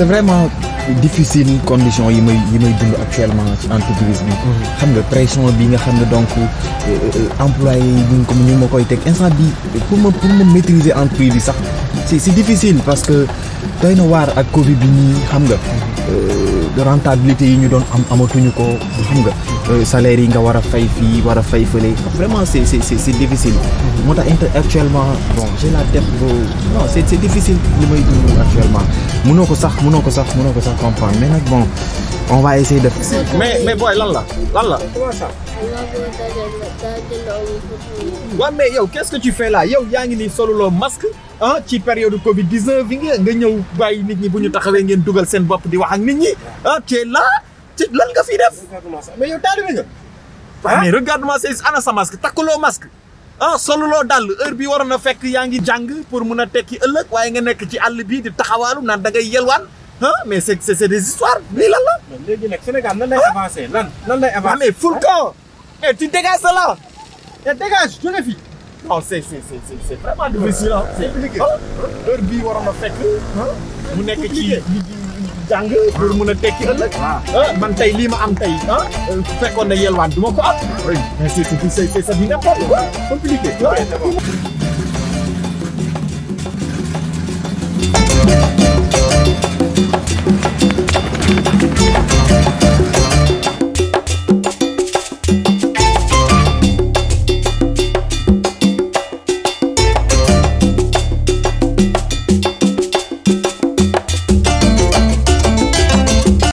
c'est vraiment difficile condition yi may yi may dund actuellement ci entreprise bi. Mhm. xam nga pression bi nga xam ne donc euh, euh, employé yi ñu ko ñu ma koy teg instant bi pour ma pour ma bi sax si c'est difficile parce que doy na waar ak Covid bi nii xam nga. Mhm. Euh, rentabilité yi ñu doon am amatuñu ko xam nga euh, salaire yi nga war a fay fii war a fay fële vraiment c'est c'est c'est difficile moo tax inter actuellement bon j'ai la tête bu non c'est li may dund actuellement mënoo ko sax mënoo ko sax mënoo ko sax comprendre mais nag bon on va essayer def. mais mais booy lan la lan la. waaw mais yow quest ci que tu fais yaa ngi nii soluloo masque ah ci période Covid 19 bi nga nga ñëw bàyyi nit ñi bu ñu taxawee ngeen dugal seen bopp di wax ak nit ñi ah tu ci lan nga fiy def. mais yow taalibe nga. ah mais regarde ana sa mask takkuloo mask ah solo loo dal heure bi waroon na fekk yaa ngi jàng pour mun a tekki ëllëg waaye nga nekk ci àll bi di taxawaalu naan da ngay yelwaan ah mais se c'est des lii lan la. léegi nag Sénégal nan lay avancer nan lan lay avancer. Ah, mais Fourcon. et eh, tu dégages ça là. et dégage jóge fi. non c'est c'est c'est c'est vraiment difficile ah. c'est bii waroon na fekk. mu nekk ci di jàng. pour mun a tekki ëllëg. Ah. man tey lii ma am tey. ah fekkoon na yelwaan du ma ko am. oui mais c'est c'est c'est c'est compliqué.